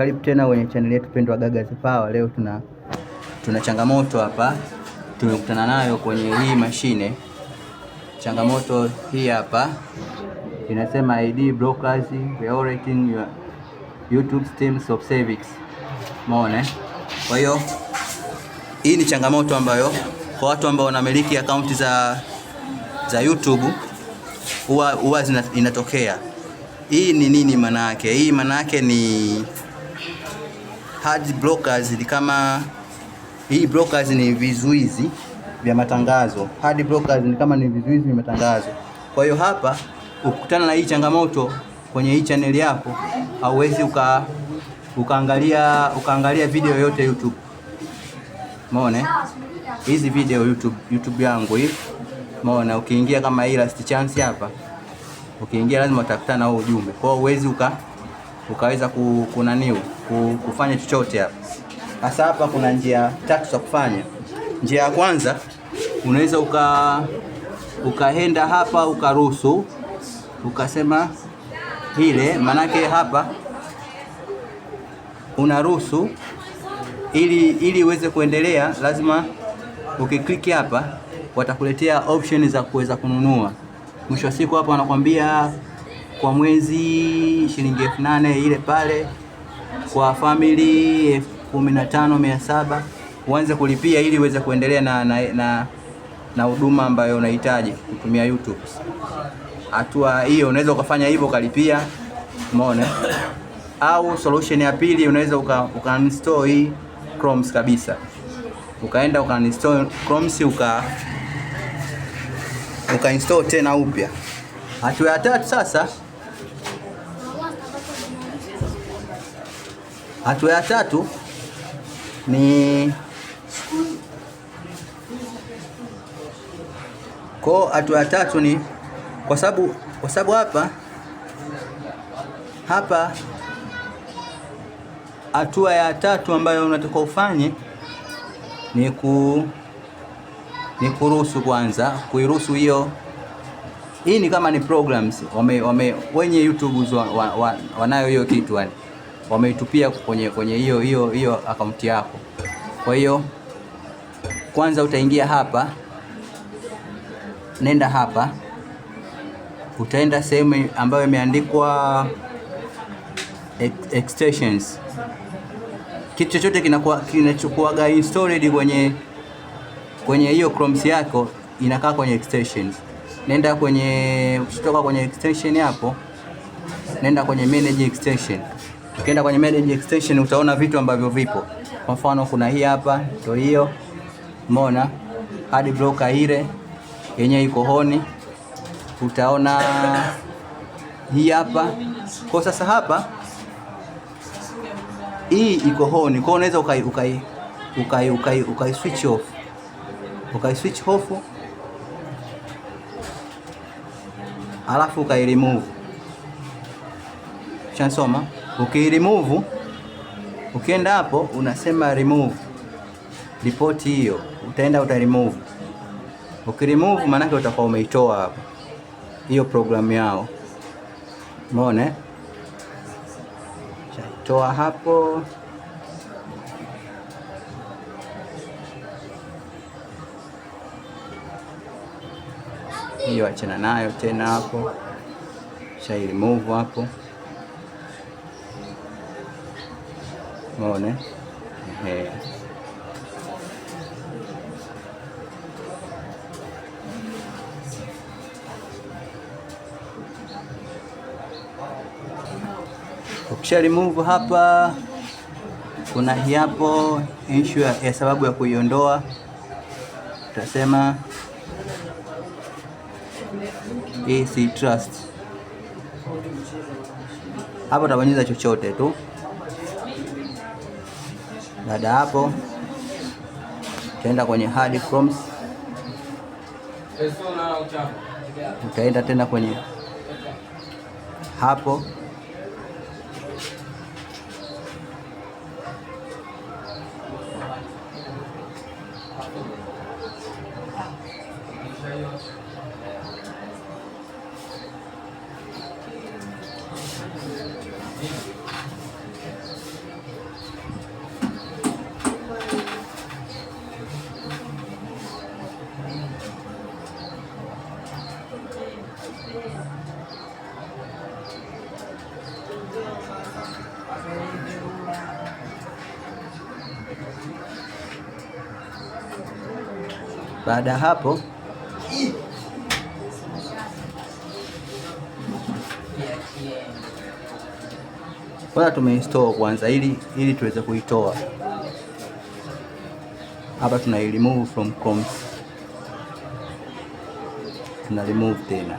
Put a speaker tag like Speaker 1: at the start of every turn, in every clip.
Speaker 1: Karibu tena kwenye chaneli yetu pendwa Gagazi Power. Leo tuna tuna changamoto hapa tumekutana nayo kwenye hii mashine. Changamoto hii hapa inasema ID blockers violating your YouTube streams of service. Umeona? Kwa hiyo hii ni changamoto ambayo kwa watu ambao wanamiliki akaunti za za YouTube huwa huwa inatokea. Hii ni nini maana yake? Hii maana yake ni hard blockers ni kama hii blockers ni vizuizi vya matangazo. Hard blockers ni kama ni vizuizi vya matangazo. Kwa hiyo hapa ukutana na hii changamoto kwenye hii chaneli yako hauwezi uka, ukaangalia ukaangalia video yote YouTube. Umeona? Eh? Hizi video YouTube YouTube yangu hii. Umeona ukiingia kama hii last chance hapa. Ukiingia lazima utakutana na ujumbe. Kwa hiyo uwezi uka ukaweza kunaniu kufanya chochote hapa. Hasa hapa kuna njia tatu za kufanya. Njia ya kwanza unaweza uka ukaenda hapa ukaruhusu ukasema ile, manake hapa unaruhusu ili ili uweze kuendelea, lazima ukikliki hapa watakuletea option za kuweza kununua. Mwisho wa siku hapa wanakwambia kwa mwezi shilingi elfu nane ile pale, kwa family elfu kumi na tano mia saba uanze kulipia ili uweze kuendelea na na, na na huduma ambayo unahitaji kutumia YouTube. Hatua hiyo unaweza ukafanya hivyo ukalipia, umeona. Au solution ya pili unaweza uka, uka hii Chrome kabisa, ukaenda uka uninstall Chrome uka uka install tena upya. Hatua ya tatu sasa Hatua ya tatu ni ko, hatua ya tatu ni kwa sababu kwa sababu hapa hapa, hatua ya tatu ambayo unataka ufanye ni ku ni kuruhusu kwanza, kuiruhusu hiyo. Hii ni kama ni programs wame, wame wenye YouTube wanayo wa, wa, hiyo kitu wale wameitupia kwenye kwenye hiyo hiyo hiyo akaunti yako. Kwa hiyo kwanza utaingia hapa, nenda hapa, utaenda sehemu ambayo imeandikwa extensions. Kitu chochote kinakuwa kinachokuaga installed kwenye kwenye hiyo Chrome yako inakaa kwenye extensions. Nenda kwenye kutoka kwenye extension hapo, nenda kwenye manage extension. Ukienda kwenye manage extension utaona vitu ambavyo vipo. Kwa mfano kuna hii hapa, ndio hiyo. Umeona? Hadi broker ile yenye iko honi. Utaona hii hapa. Kwa sasa hapa hii iko honi. Kwa unaweza ukai ukai ukai ukai ukai switch off. Ukai switch off. Alafu ukai remove. Chansoma remove, ukienda hapo unasema remove ripoti hiyo, utaenda uta remove. remove maanake utakuwa umeitoa hapo hiyo programu yao. Umeona, chaitoa hapo hiyo, achana nayo tena hapo, shai remove hapo. Mone. Ehe. Ukisha remove hapa, kuna hiapo hapo issue ya sababu ya kuiondoa, utasema EC Trust. Hapo utabonyeza chochote tu baada hapo, utaenda kwenye hard prompts, utaenda tena kwenye hapo Baada ya hapo kwanza tumeistore kwanza, ili ili tuweze kuitoa hapa, tuna remove from comps, tuna remove tena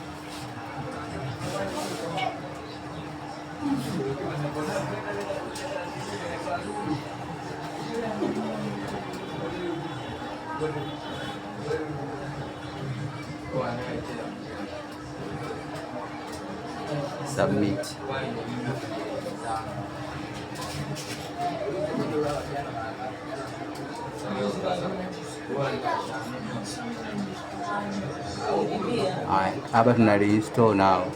Speaker 1: submit. I have not reinstalled now.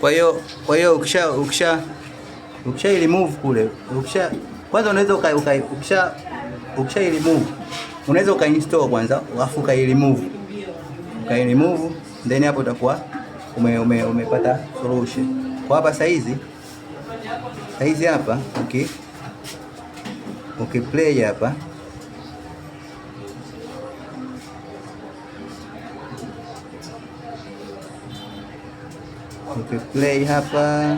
Speaker 1: Kwa hiyo kwa hiyo ukisha ukisha ukisha ili move kule, ukisha kwanza unaweza uka, uka, ukisha ukisha ili move unaweza uka install kwanza, alafu uka ili move uka ili move, then hapo utakuwa ume, ume, umepata solution kwa hapa saizi saizi hapa okay. okay, play hapa tupe play hapa.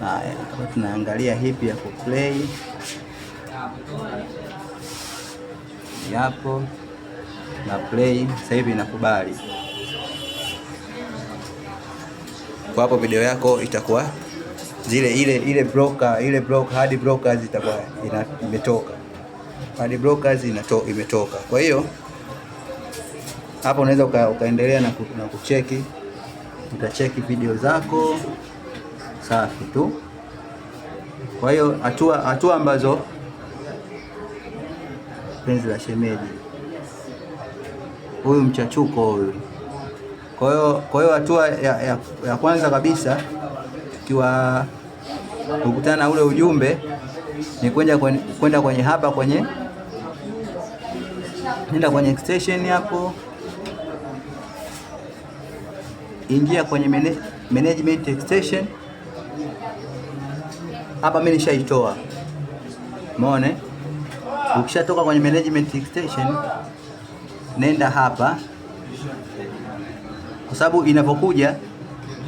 Speaker 1: Haya, hapa tunaangalia hipi ya kuplay yapo na play sasa hivi inakubali. Kwa hapo video yako itakuwa zile ile ile broker ile broker hard brokers itakuwa imetoka hard brokers inato, imetoka kwa hiyo hapo unaweza uka, ukaendelea na kucheki, utacheki video zako safi tu. Kwa hiyo hatua hatua ambazo penzi la shemeji huyu mchachuko huyu. Kwa hiyo kwa hiyo hatua ya, ya, ya kwanza kabisa ukiwa ukutana na ule ujumbe ni kwenda kwenye, kwenye hapa kwenye nenda kwenye extension yako ingia kwenye management extension. Hapa mimi nishaitoa, umeona. Ukishatoka kwenye management extension, nenda hapa, kwa sababu inapokuja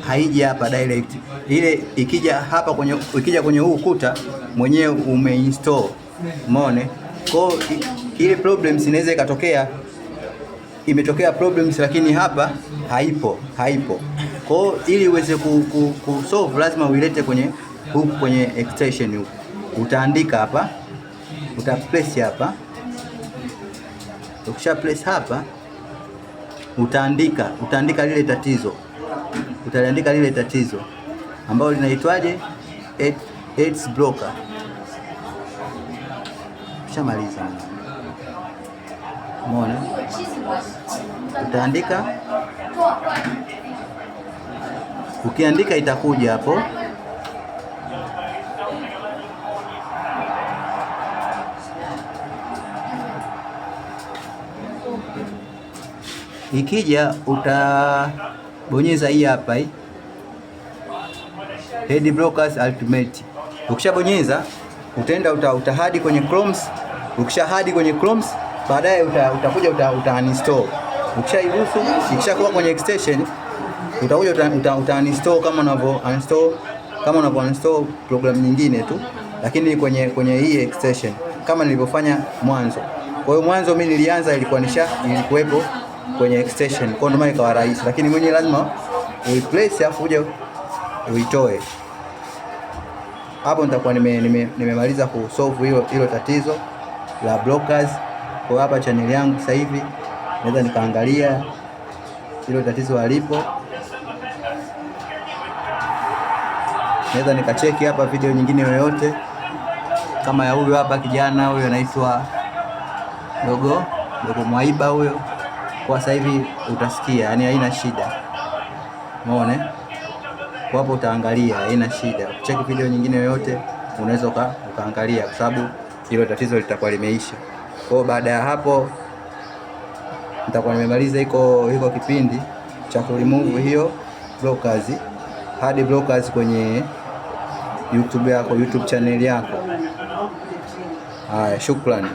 Speaker 1: haiji hapa direct. Ile ikija hapa kwenye, ikija kwenye huu ukuta mwenyewe umeinstall, umeona. Kwa ile problems inaweza ikatokea imetokea problems, lakini hapa haipo, haipo. Kwa hiyo ili uweze ku, ku, ku solve lazima uilete kwenye huku kwenye extension huku, utaandika hapa, uta place hapa. Ukisha place hapa, utaandika utaandika lile tatizo, utaliandika lile tatizo ambalo linaitwaje AIDS blocker. Ushamaliza. Umeona, utaandika ukiandika itakuja hapo. Ikija utabonyeza hii hapa hii Head Blockers Ultimate. Ukishabonyeza utaenda utahadi kwenye Chrome. Ukishahadi kwenye Chrome baadaye utakuja uta, uta uninstall. Ukishairuhusu ikishakuwa kwenye extension utakuja uta, uta, uta uninstall kama unavyo uninstall kama unavyo uninstall program nyingine tu, lakini kwenye kwenye hii extension kama nilivyofanya mwanzo. Kwa hiyo mwanzo mimi nilianza ilikuwa nisha ilikuwepo kwenye extension, kwa ndio maana ikawa rahisi, lakini mwenye lazima uiplace afu uje uitoe. Hapo nitakuwa nimemaliza nime, nime kusolve hilo hilo tatizo la blockers. Kwa hapa channel yangu sasa hivi naweza nikaangalia hilo tatizo alipo, naweza nikacheki hapa video nyingine yoyote kama ya huyu hapa kijana huyo anaitwa dogo dogo Mwaiba huyo, kwa sasa hivi utasikia, yani haina shida, umeona kwa hapo, utaangalia haina shida. Cheki video nyingine yoyote unaweza ukaangalia, kwa sababu hilo tatizo litakuwa limeisha. Kwa baada ya hapo nitakuwa nimemaliza iko iko kipindi cha kulimove hiyo blockers hadi blockers kwenye YouTube yako YouTube channel yako. Haya, shukrani.